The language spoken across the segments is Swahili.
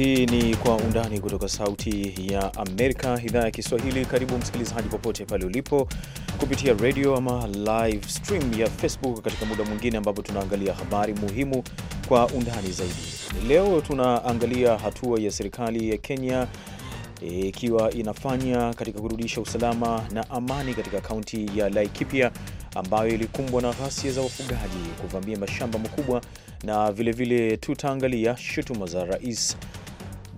Hii ni Kwa Undani kutoka Sauti ya Amerika, idhaa ya Kiswahili. Karibu msikilizaji, popote pale ulipo, kupitia radio ama live stream ya Facebook, katika muda mwingine ambapo tunaangalia habari muhimu kwa undani zaidi. Leo tunaangalia hatua ya serikali ya Kenya ikiwa e, inafanya katika kurudisha usalama na amani katika kaunti ya Laikipia ambayo ilikumbwa na ghasia za wafugaji kuvamia mashamba makubwa, na vilevile tutaangalia shutuma za rais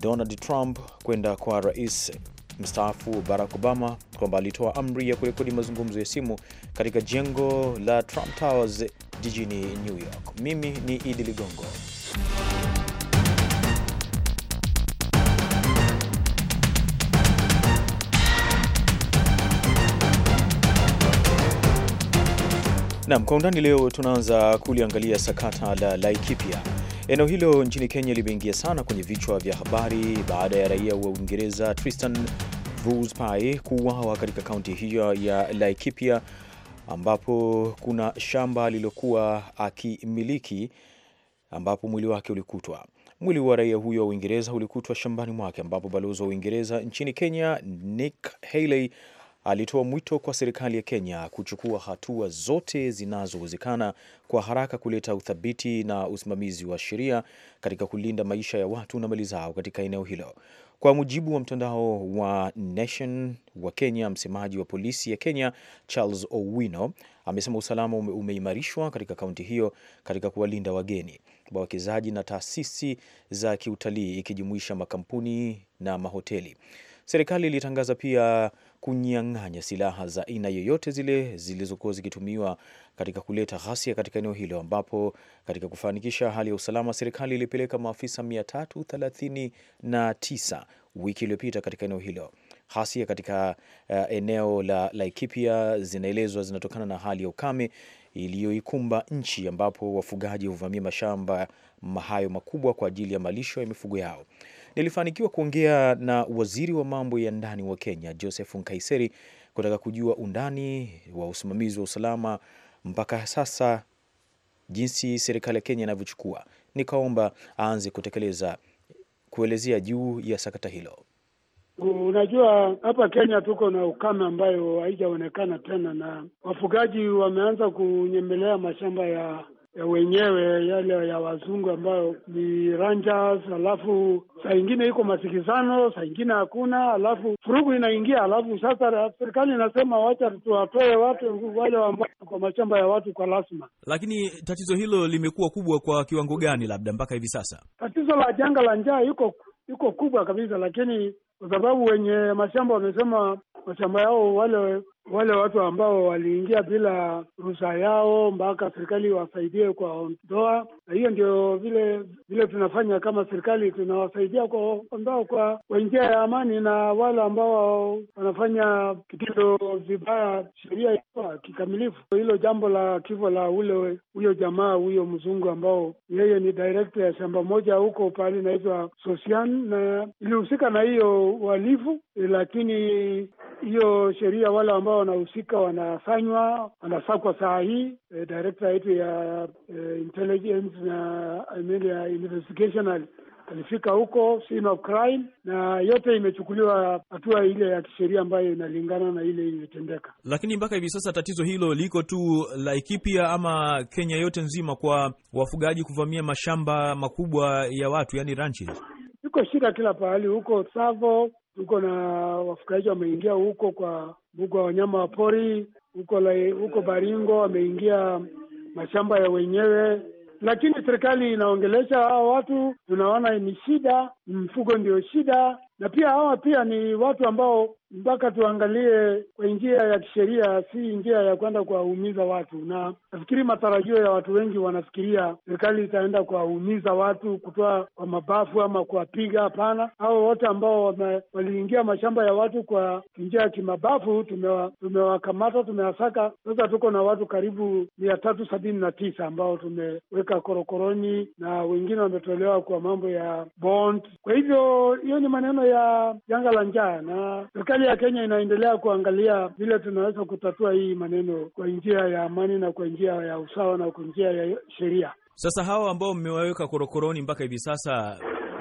Donald Trump kwenda kwa rais mstaafu Barack Obama kwamba alitoa amri ya kurekodi mazungumzo ya simu katika jengo la Trump Towers jijini New York. Mimi ni Idi Ligongo. Naam, kwa undani leo tunaanza kuliangalia sakata la Laikipia Eneo hilo nchini Kenya limeingia sana kwenye vichwa vya habari baada ya raia wa Uingereza Tristan Vroodspai kuuawa katika kaunti hiyo ya Laikipia ambapo kuna shamba lililokuwa akimiliki ambapo mwili wake ulikutwa. Mwili wa raia huyo wa Uingereza ulikutwa shambani mwake, ambapo balozi wa Uingereza nchini Kenya Nick Hailey alitoa mwito kwa serikali ya Kenya kuchukua hatua zote zinazowezekana kwa haraka kuleta uthabiti na usimamizi wa sheria katika kulinda maisha ya watu na mali zao katika eneo hilo. Kwa mujibu wa mtandao wa Nation wa Kenya, msemaji wa polisi ya Kenya Charles Owino amesema usalama ume umeimarishwa katika kaunti hiyo katika kuwalinda wageni, wawekezaji na taasisi za kiutalii ikijumuisha makampuni na mahoteli. Serikali ilitangaza pia kunyang'anya silaha za aina yoyote zile zilizokuwa zikitumiwa katika kuleta ghasia katika eneo hilo, ambapo katika kufanikisha hali ya usalama, serikali ilipeleka maafisa 339 wiki iliyopita katika eneo hilo. Ghasia katika uh, eneo la Laikipia zinaelezwa zinatokana na hali ya ukame iliyoikumba nchi, ambapo wafugaji huvamia mashamba hayo makubwa kwa ajili ya malisho ya mifugo yao. Nilifanikiwa kuongea na waziri wa mambo ya ndani wa Kenya, Joseph Nkaiseri, kutaka kujua undani wa usimamizi wa usalama mpaka sasa, jinsi serikali ya Kenya inavyochukua. Nikaomba aanze kutekeleza kuelezea juu ya sakata hilo. Unajua, hapa Kenya tuko na ukame ambayo haijaonekana tena, na wafugaji wameanza kunyemelea mashamba ya wenyewe yale ya wazungu ambayo ni Rangers, alafu saa ingine iko masikizano, saa ingine hakuna, alafu furugu inaingia, alafu sasa serikali inasema wacha tuwatoe watu wale ambao kwa mashamba ya watu kwa lazima. Lakini tatizo hilo limekuwa kubwa kwa kiwango gani, labda mpaka hivi sasa? Tatizo la janga la njaa iko iko kubwa kabisa, lakini kwa sababu wenye mashamba wamesema mashamba yao wale wale watu ambao waliingia bila ruhusa yao mpaka serikali iwasaidie ondoa, na hiyo ndio vile vile tunafanya kama serikali, tunawasaidia ondoa kwa kwa njia ya amani, na wale ambao wanafanya kitendo vibaya sheria kikamilifu. Hilo jambo la kifo la ule huyo jamaa huyo mzungu ambao yeye ni director ya shamba moja huko pahali inaitwa Sosian, na ilihusika na hiyo uhalifu, lakini hiyo sheria wale ambao ambao wanahusika wanafanywa, wanasakwa saa hii. E, eh, direkta yetu ya e, intelligence na I mean, ya investigation alifika huko scene of crime, na yote imechukuliwa hatua ile ya kisheria ambayo inalingana na ile imetendeka. Lakini mpaka hivi sasa tatizo hilo liko tu Laikipia ama Kenya yote nzima, kwa wafugaji kuvamia mashamba makubwa ya watu, yani ranches. Iko shida kila pahali huko Tsavo, tuko na wafugaji wameingia huko kwa mbuga wa wanyama wa pori huko huko Baringo, wameingia mashamba ya wenyewe, lakini serikali inaongelesha hawa watu. Tunaona ni shida, mfugo ndio shida, na pia hawa pia ni watu ambao mpaka tuangalie kwa njia ya kisheria, si njia ya kwenda kuwaumiza watu. Na nafikiri matarajio ya watu wengi wanafikiria serikali itaenda kuwaumiza watu, kutoa kwa mabafu ama kuwapiga. Hapana, hao wote ambao waliingia mashamba ya watu kwa njia ya kimabafu tumewakamata, tumewasaka. Sasa tuko na watu karibu mia tatu sabini na tisa ambao tumeweka korokoroni na wengine wametolewa kwa mambo ya bond. Kwa hivyo hiyo ni maneno ya janga la njaa na serikali serikali ya Kenya inaendelea kuangalia vile tunaweza kutatua hii maneno kwa njia ya amani na kwa njia ya usawa na kwa njia ya sheria. Sasa hawa ambao mmewaweka korokoroni mpaka hivi sasa,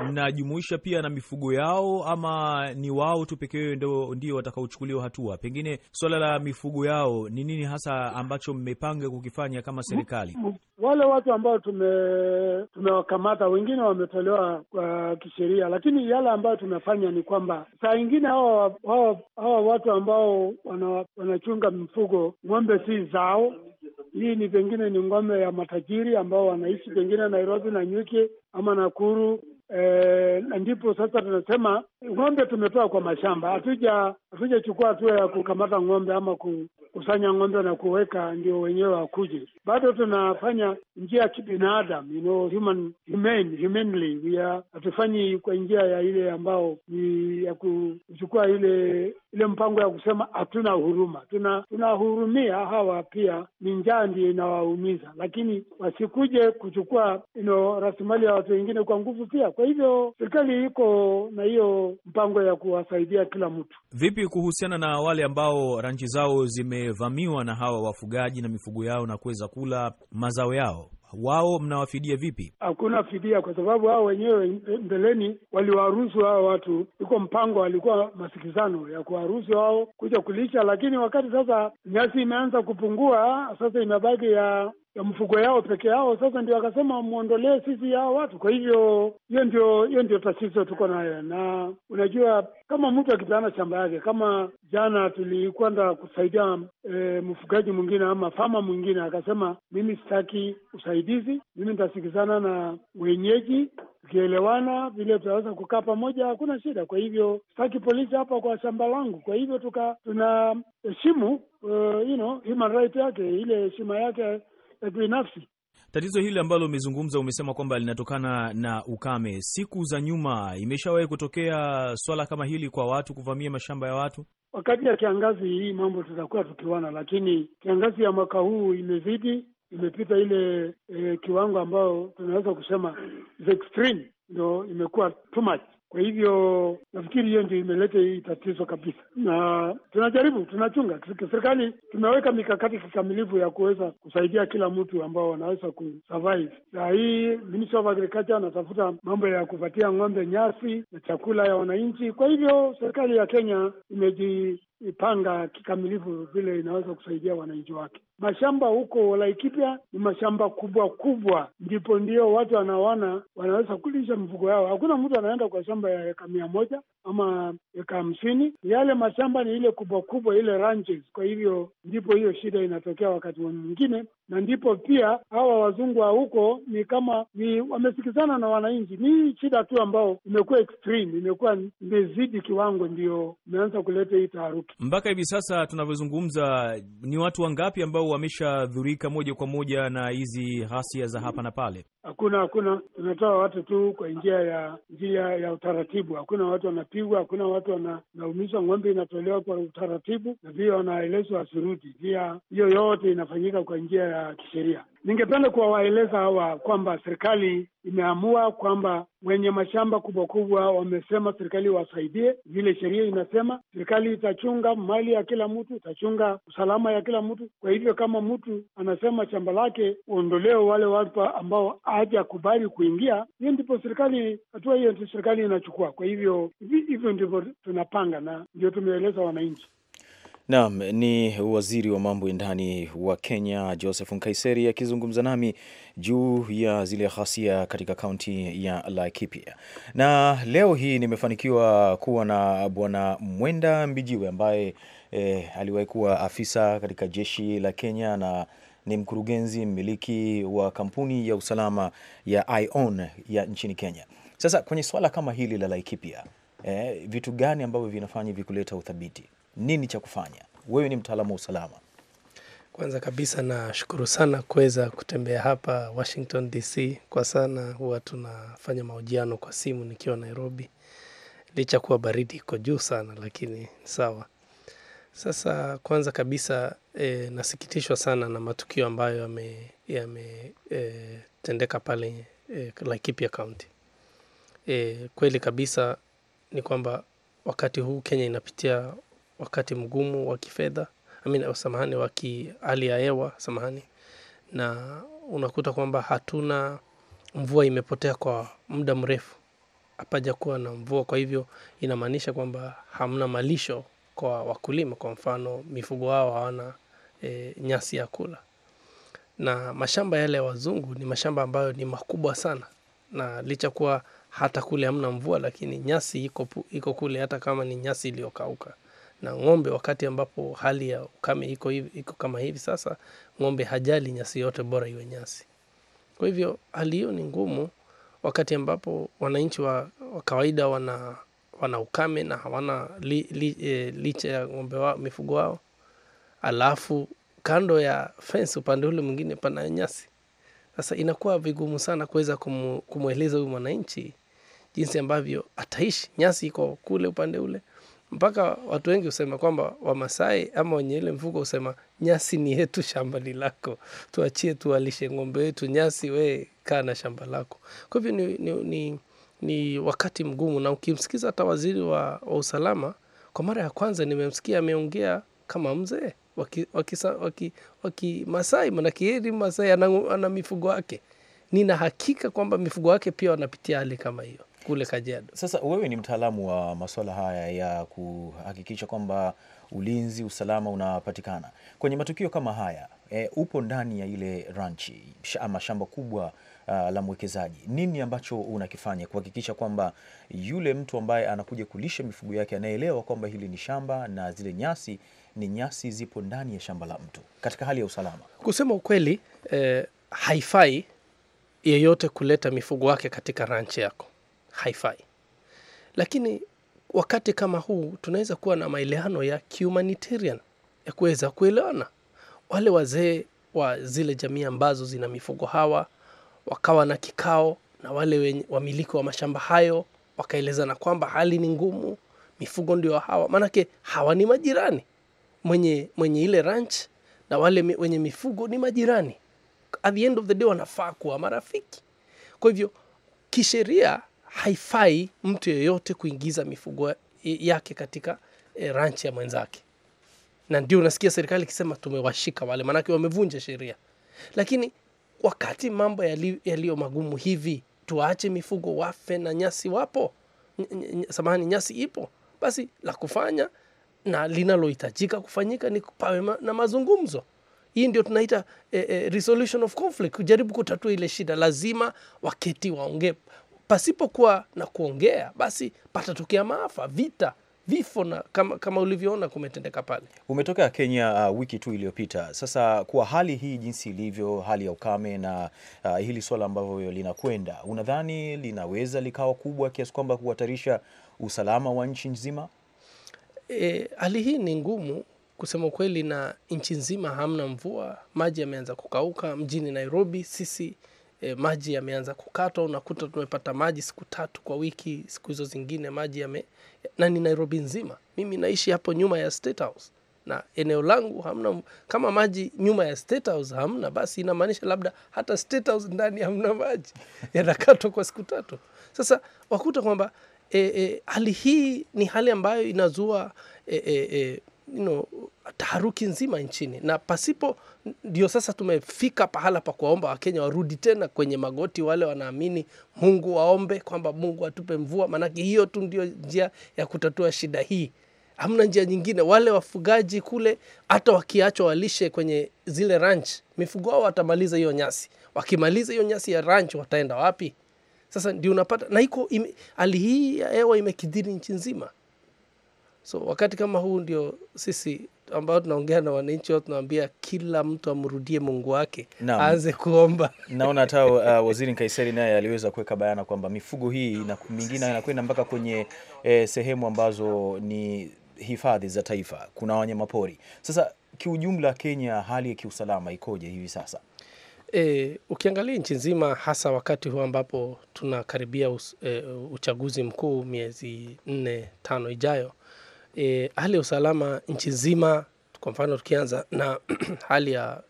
mnajumuisha pia na mifugo yao ama ni wao tu pekee ndio ndio watakaochukuliwa hatua? Pengine swala la mifugo yao ni nini hasa ambacho mmepanga kukifanya kama serikali? Wale watu ambao tume tumewakamata wengine wametolewa kwa uh, kisheria, lakini yale ambayo tumefanya ni kwamba saa ingine hawa, hawa, hawa watu ambao wana, wanachunga mifugo, ng'ombe si zao hii ni pengine ni ng'ombe ya matajiri ambao wanaishi pengine Nairobi na Nyuki ama Nakuru Eh, na ndipo sasa tunasema ng'ombe tumetoa kwa mashamba, hatuja hatujachukua hatua ya kukamata ng'ombe ama kusanya ng'ombe na kuweka ndio wenyewe wakuje. Bado tunafanya njia ya kibinadamu, you know, human humane, humanely we are hatufanyi kwa njia ya ile ambao ni ya kuchukua ile ile mpango ya kusema hatuna huruma. Tuna tunahurumia hawa, pia ni njaa ndio inawaumiza, lakini wasikuje kuchukua you know, rasilimali ya watu wengine kwa nguvu pia. Kwa hivyo serikali iko na hiyo mpango ya kuwasaidia kila mtu. Vipi kuhusiana na wale ambao ranchi zao zime wamevamiwa na hawa wafugaji na mifugo yao na kuweza kula mazao yao, wao mnawafidia vipi? Hakuna fidia, kwa sababu hao wenyewe mbeleni waliwaruhusu hao watu. Iko mpango, walikuwa masikizano ya kuwaruhusu hao kuja kulisha, lakini wakati sasa nyasi imeanza kupungua, sasa imebaki ya ya mfuko yao peke yao. Sasa ndio akasema muondolee sisi hao watu. Kwa hivyo hiyo ndio hiyo ndio tatizo tuko nayo, na unajua kama mtu akipeana shamba yake, kama jana tulikwenda kusaidia e, mfugaji mwingine ama fama mwingine, akasema mimi sitaki usaidizi, mimi nitasikizana na wenyeji tukielewana vile tutaweza kukaa pamoja, hakuna shida. Kwa hivyo sitaki polisi hapa kwa shamba langu. Kwa hivyo tuka tunaheshimu uh, eh, you know, human right yake ile heshima yake Eh, binafsi. Tatizo hili ambalo umezungumza, umesema kwamba linatokana na ukame. Siku za nyuma imeshawahi kutokea swala kama hili kwa watu kuvamia mashamba ya watu? Wakati ya kiangazi hii mambo tutakuwa tukiwana, lakini kiangazi ya mwaka huu imezidi, imepita ile e, kiwango ambayo tunaweza kusema the extreme, ndo imekuwa too much. Kwa hivyo nafikiri hiyo ndio imeleta hii tatizo kabisa, na tunajaribu tunachunga. Serikali tumeweka mikakati kikamilifu ya kuweza kusaidia kila mtu ambao wanaweza kusurvive. Na hii Ministry of Agriculture anatafuta mambo ya kupatia ng'ombe nyasi na chakula ya wananchi. Kwa hivyo serikali ya Kenya imeji ipanga kikamilifu vile inaweza kusaidia wananchi wake. Mashamba huko Walaikipia ni mashamba kubwa kubwa, ndipo ndio watu wanaona wanaweza kulisha mifugo yao. Hakuna mtu anaenda kwa shamba ya eka mia moja ama eka hamsini. Yale mashamba ni ile kubwa kubwa, ile ranches. Kwa hivyo ndipo hiyo shida inatokea wakati mwingine, na ndipo pia hawa wazungu wa huko ni kama ni wamesikizana na wananchi. Ni shida tu ambao imekuwa extreme, imekuwa imezidi kiwango, ndio imeanza kuleta hii taharuki. Mpaka hivi sasa tunavyozungumza, ni watu wangapi ambao wameshadhurika moja kwa moja na hizi ghasia za hapa na pale? Hakuna, hakuna. Tunatoa watu tu kwa njia ya njia ya utaratibu. Hakuna watu wanapigwa, hakuna watu wanaumizwa. Ng'ombe inatolewa kwa utaratibu na pia wanaelezwa asirudi. Pia hiyo yote inafanyika kwa njia ya kisheria. Ningependa kuwawaeleza hawa kwamba serikali imeamua kwamba wenye mashamba kubwa kubwa wamesema serikali wasaidie, vile sheria inasema. Serikali itachunga mali ya kila mtu, itachunga usalama ya kila mtu. Kwa hivyo kama mtu anasema shamba lake uondolewe wale watu ambao hajakubali kuingia, hiyo ndipo serikali, hatua hiyo serikali inachukua. Kwa hivyo hivyo ndivyo tunapanga na ndio tumeeleza wananchi. Naam, ni waziri wa mambo ya ndani wa Kenya Joseph Nkaiseri akizungumza nami juu ya zile ghasia katika kaunti ya Laikipia. Na leo hii nimefanikiwa kuwa na bwana Mwenda Mbijiwe ambaye eh, aliwahi kuwa afisa katika jeshi la Kenya na ni mkurugenzi mmiliki wa kampuni ya usalama ya ION ya nchini Kenya. Sasa kwenye swala kama hili la Laikipia, eh, vitu gani ambavyo vinafanya vikuleta uthabiti? nini cha kufanya? Wewe ni mtaalamu wa usalama. Kwanza kabisa nashukuru sana kuweza kutembea hapa Washington DC. Kwa sana huwa tunafanya mahojiano kwa simu nikiwa Nairobi, licha kuwa baridi iko juu sana, lakini sawa. Sasa kwanza kabisa e, nasikitishwa sana na matukio ambayo yametendeka eh, e, pale e, Laikipia County. E, kweli kabisa ni kwamba wakati huu Kenya inapitia wakati mgumu wa kifedha amini, samahani, wa kihali ya hewa samahani, na unakuta kwamba hatuna mvua, imepotea kwa muda mrefu, hapaja kuwa na mvua. Kwa hivyo inamaanisha kwamba hamna malisho kwa wakulima, kwa mfano mifugo wao hawana e, nyasi ya kula, na mashamba yale ya wazungu ni mashamba ambayo ni makubwa sana, na licha kuwa hata kule hamna mvua, lakini nyasi iko, iko kule, hata kama ni nyasi iliyokauka na ng'ombe, wakati ambapo hali ya ukame iko hivi, iko kama hivi sasa, ng'ombe hajali nyasi yote, bora iwe nyasi. Kwa hivyo hali hiyo ni ngumu wakati ambapo wananchi wa, wa kawaida wana, wana ukame na hawana li, li, e, licha ya ng'ombe wao, mifugo wao, alafu kando ya fence upande ule mwingine pana nyasi. Sasa inakuwa vigumu sana kuweza kumweleza huyu mwananchi jinsi ambavyo ataishi. Nyasi iko kule upande ule, mpaka watu wengi husema kwamba Wamasai ama wenye ile mfuko husema nyasi ni yetu, shamba ni lako, tuachie tuwalishe ng'ombe wetu nyasi, we kaa na shamba lako. Kwa hivyo ni, ni, ni, ni wakati mgumu, na ukimsikiza hata waziri wa, wa usalama, kwa mara ya kwanza nimemsikia ameongea kama mzee wakimasai waki, waki, manake yeye ni Masai, ana, mifugo wake Nina hakika kwamba mifugo wake pia wanapitia hali kama hiyo kule Kajiado. Sasa wewe ni mtaalamu wa masuala haya ya kuhakikisha kwamba ulinzi, usalama unapatikana kwenye matukio kama haya. E, upo ndani ya ile ranchi ama shamba kubwa uh, la mwekezaji. Nini ambacho unakifanya kuhakikisha kwamba yule mtu ambaye anakuja kulisha mifugo yake anaelewa kwamba hili ni shamba na zile nyasi ni nyasi zipo ndani ya shamba la mtu katika hali ya usalama? Kusema ukweli, eh, haifai yeyote kuleta mifugo yake katika ranchi yako haifai. Lakini wakati kama huu tunaweza kuwa na maelewano ya humanitarian ya kuweza kuelewana. Wale wazee wa zile jamii ambazo zina mifugo hawa wakawa na kikao na wale wamiliki wa mashamba hayo, wakaelezana kwamba hali ni ngumu, mifugo ndio hawa, maanake hawa ni majirani. Mwenye, mwenye ile ranch na wale wenye mifugo ni majirani, at the end of the day wanafaa kuwa marafiki. Kwa hivyo kisheria haifai mtu yeyote kuingiza mifugo yake katika e, eh, ranchi ya mwenzake, na ndio unasikia serikali ikisema tumewashika wale, maanake wamevunja sheria. Lakini wakati mambo yaliyo magumu hivi, tuwaache mifugo wafe na nyasi wapo, samahani, nyasi ipo, basi la kufanya na linalohitajika kufanyika ni pawe na mazungumzo. Hii ndio tunaita eh, eh, resolution of conflict, kujaribu kutatua ile shida. Lazima waketi waongee pasipokuwa na kuongea, basi patatokea maafa, vita, vifo na kama, kama ulivyoona kumetendeka pale. Umetoka Kenya uh, wiki tu iliyopita. Sasa kwa hali hii jinsi ilivyo, hali ya ukame na uh, hili swala ambavyo linakwenda, unadhani linaweza likawa kubwa kiasi kwamba kuhatarisha usalama wa nchi nzima? E, hali hii ni ngumu kusema ukweli, na nchi nzima hamna mvua, maji yameanza kukauka. Mjini Nairobi sisi e, maji yameanza kukatwa, unakuta tumepata maji siku tatu kwa wiki, siku hizo zingine maji yame na ni Nairobi nzima. Mimi naishi hapo nyuma ya State House na eneo langu hamna. Kama maji nyuma ya State House hamna, basi inamaanisha labda hata State House ndani hamna maji, yanakatwa kwa siku tatu. Sasa wakuta kwamba e, e, hali hii ni hali ambayo inazua e, e, e, you know, taharuki nzima nchini, na pasipo, ndio sasa tumefika pahala pa kuwaomba Wakenya warudi tena kwenye magoti, wale wanaamini Mungu, waombe kwamba Mungu atupe mvua, maanake hiyo tu ndio njia ya kutatua shida hii. Hamna njia nyingine. Wale wafugaji kule, hata wakiachwa walishe kwenye zile ranch, mifugo wao watamaliza hiyo nyasi. Wakimaliza hiyo nyasi ya ranch, wataenda wapi? Sasa ndio unapata na iko hali hii ya hewa imekidhiri nchi nzima so wakati kama huu ndio sisi ambao tunaongea na wananchi wao tunawambia kila mtu amrudie Mungu wake aanze kuomba. Naona hata uh, Waziri Nkaiseri naye aliweza kuweka bayana kwamba mifugo hii na mingine inakwenda mpaka kwenye eh, sehemu ambazo ni hifadhi za taifa, kuna wanyamapori. Sasa kiujumla, Kenya hali ya kiusalama ikoje hivi sasa? E, ukiangalia nchi nzima hasa wakati huu ambapo tunakaribia us, e, uchaguzi mkuu miezi nne tano ijayo e, hali ya usalama nchi nzima, kwa mfano tukianza na hali ya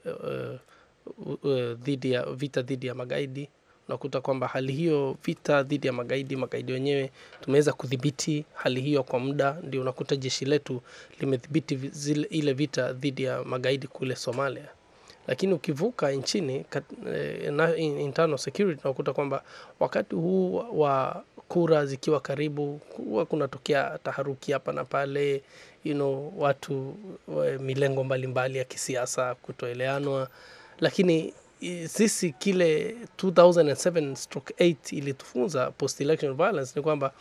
uh, uh, dhidi ya vita dhidi ya magaidi, unakuta kwamba hali hiyo vita dhidi ya magaidi, magaidi wenyewe tumeweza kudhibiti hali hiyo kwa muda, ndio unakuta jeshi letu limedhibiti ile vita dhidi ya magaidi kule Somalia. Lakini ukivuka nchini eh, internal security, unakuta kwamba wakati huu wa kura zikiwa karibu, huwa kunatokea taharuki hapa na pale, you know, watu eh, milengo mbalimbali mbali ya kisiasa kutoeleanwa, lakini eh, sisi kile 2007/8 ilitufunza post election violence ni kwamba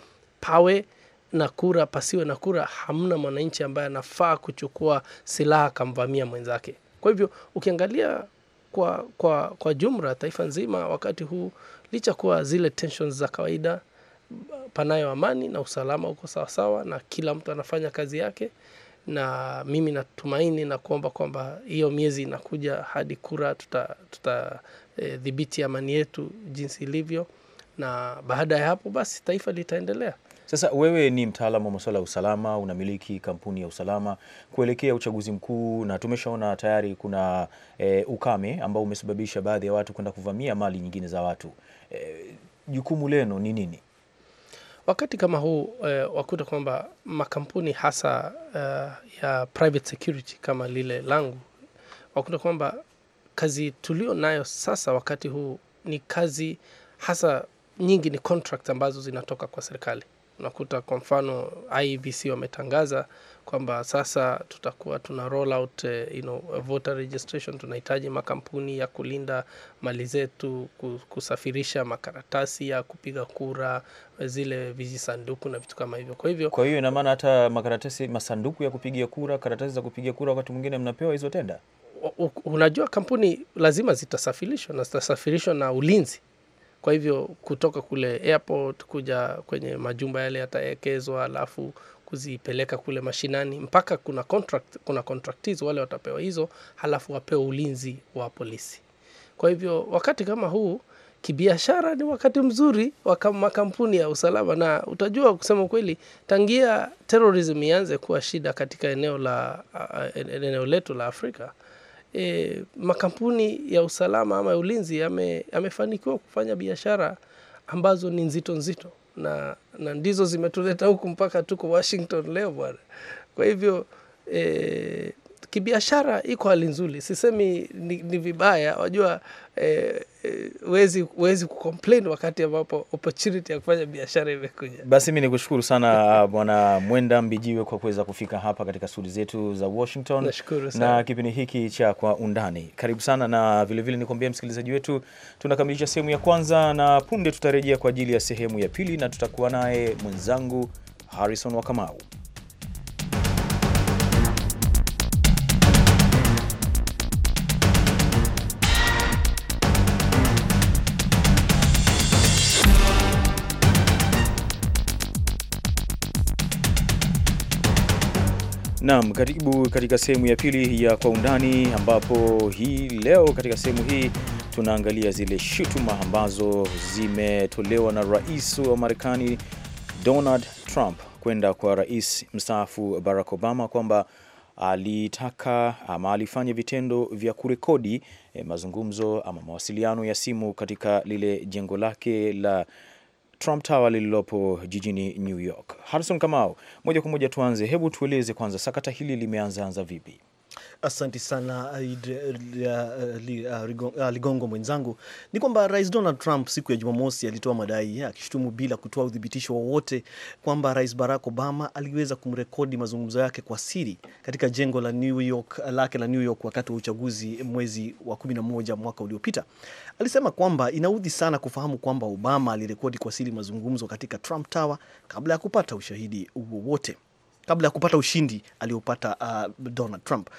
pawe na kura pasiwe na kura, hamna mwananchi ambaye anafaa kuchukua silaha akamvamia mwenzake. Kwa hivyo ukiangalia kwa, kwa, kwa jumla taifa nzima wakati huu licha kuwa zile tensions za kawaida, panayo amani na usalama huko sawasawa, na kila mtu anafanya kazi yake, na mimi natumaini na kuomba kwamba hiyo miezi inakuja hadi kura tutadhibiti tuta, e, amani yetu jinsi ilivyo, na baada ya hapo basi taifa litaendelea. Sasa wewe ni mtaalamu wa masuala ya usalama, unamiliki kampuni ya usalama kuelekea uchaguzi mkuu, na tumeshaona tayari kuna e, ukame ambao umesababisha baadhi ya watu kwenda kuvamia mali nyingine za watu. Eh, jukumu e, leno ni nini wakati kama huu e, wakuta kwamba makampuni hasa uh, ya private security kama lile langu wakuta kwamba kazi tulio nayo sasa wakati huu ni kazi hasa nyingi ni contract ambazo zinatoka kwa serikali unakuta kwa mfano IBC e wametangaza kwamba sasa tutakuwa tuna roll out eh, you know, voter registration. Tunahitaji makampuni ya kulinda mali zetu, kusafirisha makaratasi ya kupiga kura, zile vijisanduku na vitu kama hivyo. Kwa hivyo kwa hiyo ina maana hata makaratasi, masanduku ya kupigia kura, karatasi za kupigia kura, wakati mwingine mnapewa hizo tenda. Unajua kampuni lazima zitasafirishwa na zitasafirishwa na ulinzi kwa hivyo kutoka kule airport kuja kwenye majumba yale yataekezwa alafu kuzipeleka kule mashinani mpaka kuna contract, kuna contractees wale watapewa hizo halafu wapewe ulinzi wa polisi kwa hivyo wakati kama huu kibiashara ni wakati mzuri wa makampuni ya usalama na utajua kusema kweli tangia terrorism ianze kuwa shida katika eneo la uh, eneo letu la afrika e, makampuni ya usalama ama ya ulinzi yamefanikiwa yame kufanya biashara ambazo ni nzito nzito, na, na ndizo zimetuleta huku mpaka tuko Washington leo bwana. Kwa hivyo e, kibiashara iko hali nzuri, sisemi ni, ni vibaya. Wajua eh, eh, wezi, wakati ambapo opportunity ya kufanya biashara imekuja. Basi mi ni kushukuru sana Bwana Mwenda Mbijiwe kwa kuweza kufika hapa katika studi zetu za Washington na, na kipindi hiki cha Kwa Undani. Karibu sana, na vilevile nikuambia msikilizaji wetu, tunakamilisha sehemu ya kwanza na punde tutarejea kwa ajili ya sehemu ya pili, na tutakuwa naye mwenzangu Harrison Wakamau. Naam, karibu katika sehemu ya pili ya kwa undani ambapo hii leo katika sehemu hii tunaangalia zile shutuma ambazo zimetolewa na rais wa Marekani Donald Trump kwenda kwa rais mstaafu Barack Obama kwamba alitaka ama alifanya vitendo vya kurekodi eh, mazungumzo ama mawasiliano ya simu katika lile jengo lake la Trump Tower lililopo jijini New York. Harrison Kamau, moja kwa moja tuanze, hebu tueleze kwanza sakata hili limeanzaanza vipi? asanti sana uh, uh, uh, Ligongo mwenzangu. Ni kwamba Rais Donald Trump siku ya Jumamosi alitoa madai eh, akishutumu bila kutoa uthibitisho wowote kwamba Rais Barack Obama aliweza kumrekodi mazungumzo yake kwa siri katika jengo la New York, lake la New York wakati wa uchaguzi mwezi wa 11 mwaka uliopita. Alisema kwamba inaudhi sana kufahamu kwamba Obama alirekodi kwa siri mazungumzo katika Trump Tower kabla ya kupata ushahidi wowote kabla ya kupata ushindi aliyopata uh, Donald Trump.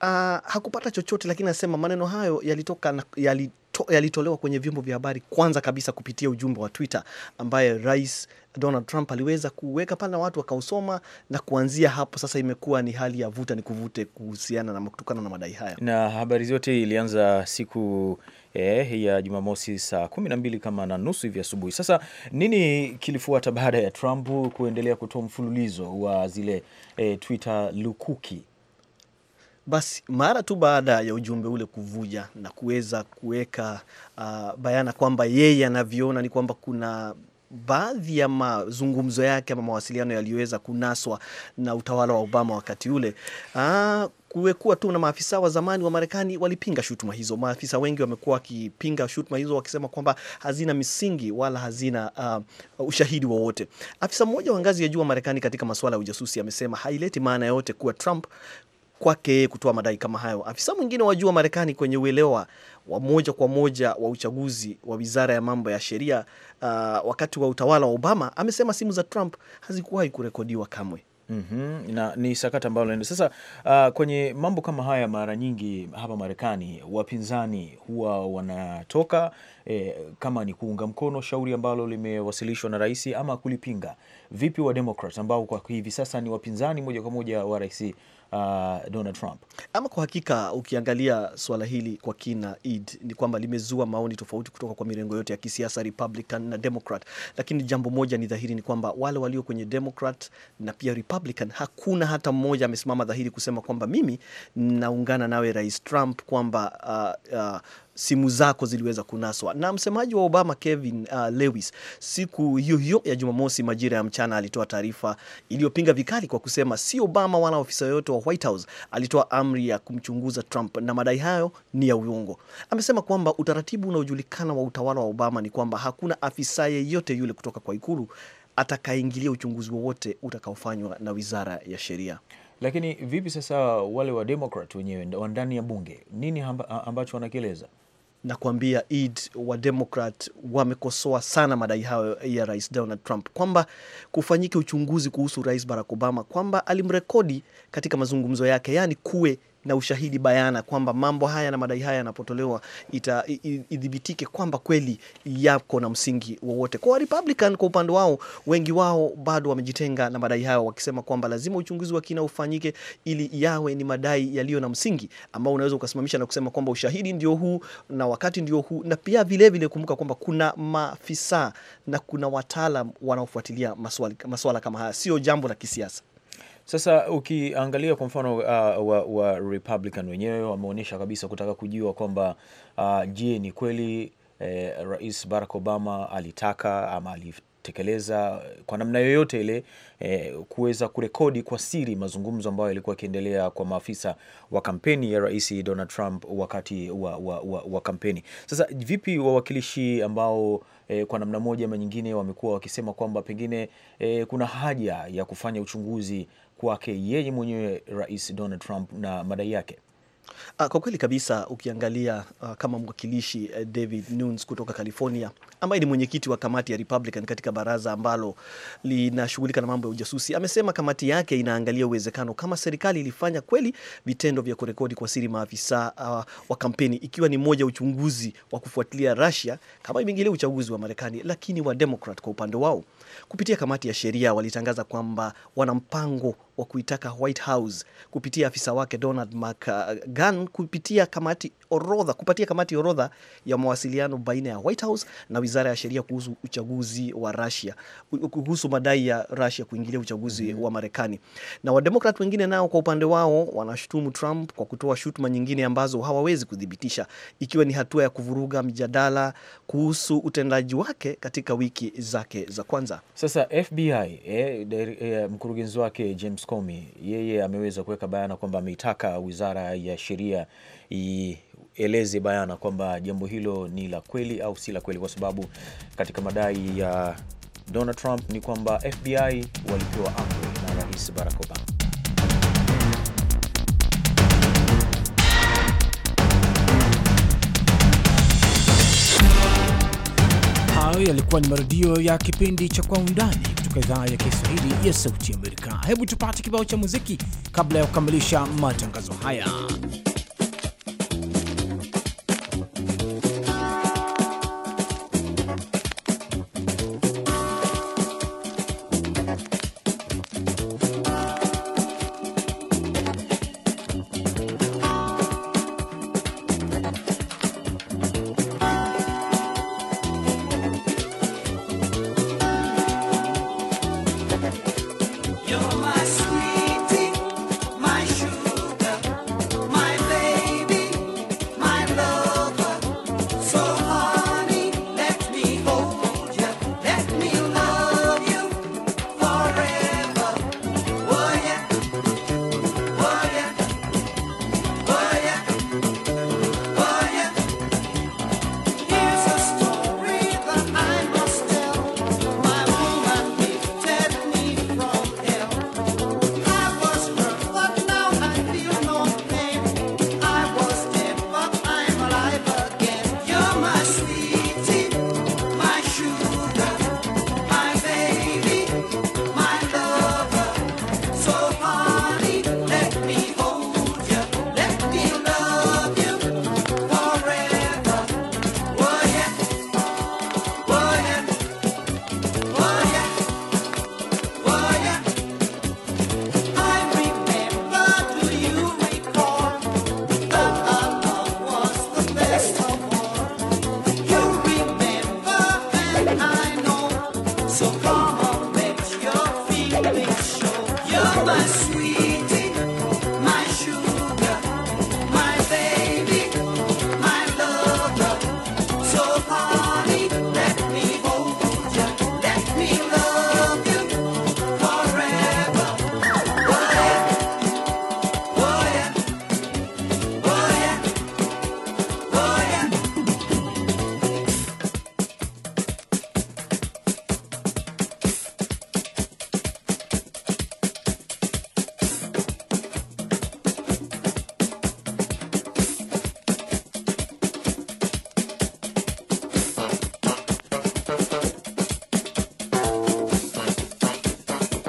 Uh, hakupata chochote, lakini anasema maneno hayo yalitoka yalitolewa kwenye vyombo vya habari, kwanza kabisa kupitia ujumbe wa Twitter ambaye rais Donald Trump aliweza kuweka pale na watu wakausoma, na kuanzia hapo sasa imekuwa ni hali ya vuta ni kuvute kuhusiana na kutokana na madai haya, na habari zote ilianza siku eh, ya Jumamosi saa kumi na mbili kama na nusu hivi asubuhi. Sasa nini kilifuata baada ya Trump kuendelea kutoa mfululizo wa zile eh, Twitter lukuki? Basi mara tu baada ya ujumbe ule kuvuja na kuweza kuweka uh, bayana kwamba yeye anavyoona ni kwamba kuna baadhi ya mazungumzo yake ama mawasiliano yaliyoweza kunaswa na utawala wa Obama wakati ule. Aa, ah, kuwekuwa tu na maafisa wa zamani wa Marekani walipinga shutuma hizo. Maafisa wengi wamekuwa wakipinga shutuma hizo wakisema kwamba hazina misingi wala hazina uh, ushahidi wowote. Afisa mmoja wa ngazi ya juu wa Marekani katika masuala ya ujasusi amesema haileti maana yote kuwa Trump kwake yeye kutoa madai kama hayo. Afisa mwingine wa juu wa Marekani kwenye uelewa wa moja kwa moja wa uchaguzi wa wizara ya mambo ya sheria uh, wakati wa utawala wa Obama amesema simu za Trump hazikuwahi kurekodiwa kamwe. Mm -hmm. Na ni sakata ambalo naenda sasa. Uh, kwenye mambo kama haya mara nyingi hapa Marekani wapinzani huwa wanatoka eh, kama ni kuunga mkono shauri ambalo limewasilishwa na rais ama kulipinga. Vipi wa Democrats ambao kwa hivi sasa ni wapinzani moja kwa moja wa rais uh, Donald Trump. Ama kwa hakika ukiangalia suala hili kwa kina Eid, ni kwamba limezua maoni tofauti kutoka kwa mirengo yote ya kisiasa Republican na Democrat, lakini jambo moja ni dhahiri ni kwamba wale walio kwenye Democrat na pia Republican, hakuna hata mmoja amesimama dhahiri kusema kwamba mimi naungana nawe Rais Trump kwamba uh, uh, simu zako ziliweza kunaswa. Na msemaji wa Obama Kevin uh, Lewis siku hiyo hiyo ya Jumamosi majira ya mchana alitoa taarifa iliyopinga vikali kwa kusema si Obama wala ofisa yoyote wa White House alitoa amri ya kumchunguza Trump na madai hayo ni ya uongo. Amesema kwamba utaratibu unaojulikana wa utawala wa Obama ni kwamba hakuna afisa yeyote yule kutoka kwa ikulu atakaingilia uchunguzi wowote utakaofanywa na wizara ya sheria. Lakini vipi sasa wale wa wenyewe wa ndani ya bunge, nini amba, ambacho wanakieleza? na kuambia Eid wa Democrat wamekosoa sana madai hayo ya Rais Donald Trump kwamba kufanyike uchunguzi kuhusu Rais Barack Obama kwamba alimrekodi katika mazungumzo yake, yaani kuwe na ushahidi bayana kwamba mambo haya na madai haya yanapotolewa idhibitike kwamba kweli yako na msingi wowote. Kwa Republican kwa upande wao, wengi wao bado wamejitenga na madai hayo, wakisema kwamba lazima uchunguzi wa kina ufanyike ili yawe ni madai yaliyo na msingi ambao unaweza ukasimamisha na kusema kwamba ushahidi ndio huu na wakati ndio huu, na pia vilevile kumbuka kwamba kuna maafisa na kuna wataalam wanaofuatilia maswala kama haya, sio jambo la kisiasa. Sasa ukiangalia kwa mfano uh, wa, wa Republican wenyewe wameonyesha kabisa kutaka kujua kwamba uh, je, ni kweli eh, Rais Barack Obama alitaka ama tekeleza kwa namna yoyote ile e, kuweza kurekodi kwa siri mazungumzo ambayo yalikuwa yakiendelea kwa maafisa wa kampeni ya Rais Donald Trump wakati wa, wa, wa, wa kampeni. Sasa vipi wawakilishi ambao e, kwa namna moja ama nyingine wamekuwa wakisema kwamba pengine e, kuna haja ya kufanya uchunguzi kwake yeye mwenyewe Rais Donald Trump na madai yake? Ah, kwa kweli kabisa ukiangalia uh, kama mwakilishi uh, David Nunes kutoka California ambaye ni mwenyekiti wa kamati ya Republican katika baraza ambalo linashughulika na mambo ya ujasusi amesema kamati yake inaangalia uwezekano kama serikali ilifanya kweli vitendo vya kurekodi kwa siri maafisa uh, wa kampeni, ikiwa ni moja uchunguzi wa kufuatilia Russia kama imeingilia uchaguzi wa Marekani. Lakini wa Democrat kwa upande wao kupitia kamati ya sheria walitangaza kwamba wana mpango wa kuitaka White House kupitia afisa wake Donald McGahn kupitia kamati orodha, kupatia kamati orodha ya mawasiliano baina ya White House na wizara ya sheria kuhusu uchaguzi wa Russia, kuhusu madai ya Russia kuingilia uchaguzi mm -hmm. wa Marekani. Na wademokrat wengine nao kwa upande wao wanashutumu Trump kwa kutoa shutuma nyingine ambazo hawawezi kuthibitisha, ikiwa ni hatua ya kuvuruga mjadala kuhusu utendaji wake katika wiki zake za kwanza. Sasa FBI eh, eh, mkurugenzi wake James Moscomi yeye ameweza kuweka bayana kwamba ameitaka Wizara ya Sheria ieleze bayana kwamba jambo hilo ni la kweli au si la kweli, kwa sababu katika madai ya Donald Trump ni kwamba FBI walipewa amri na Rais Barack Obama. Hayo yalikuwa ni marudio ya kipindi cha Kwa Undani kutoka idhaa ya Kiswahili ya Sauti Amerika. Hebu tupate kibao cha muziki kabla ya kukamilisha matangazo haya.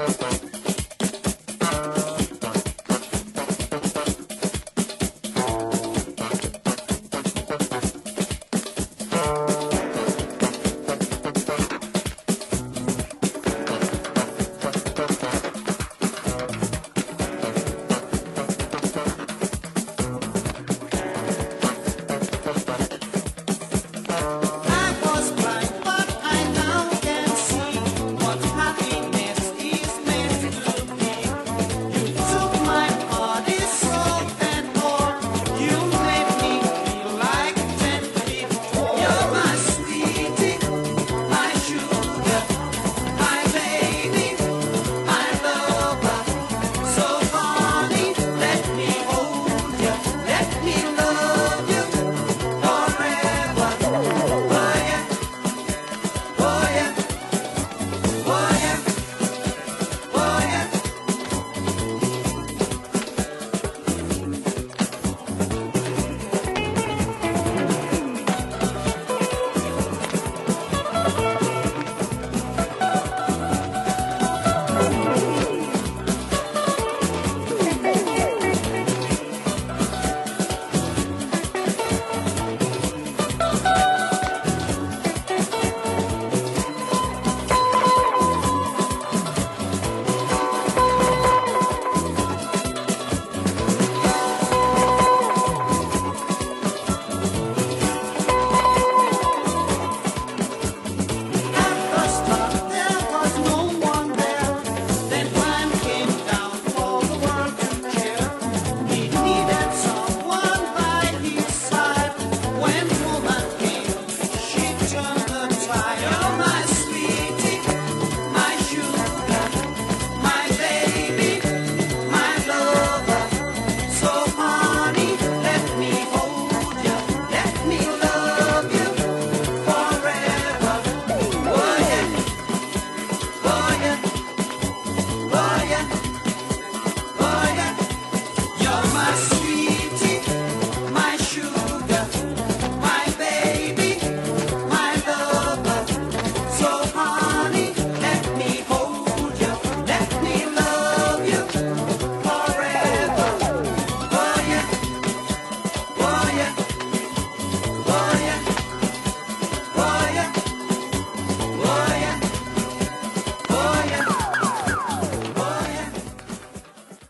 Thank you.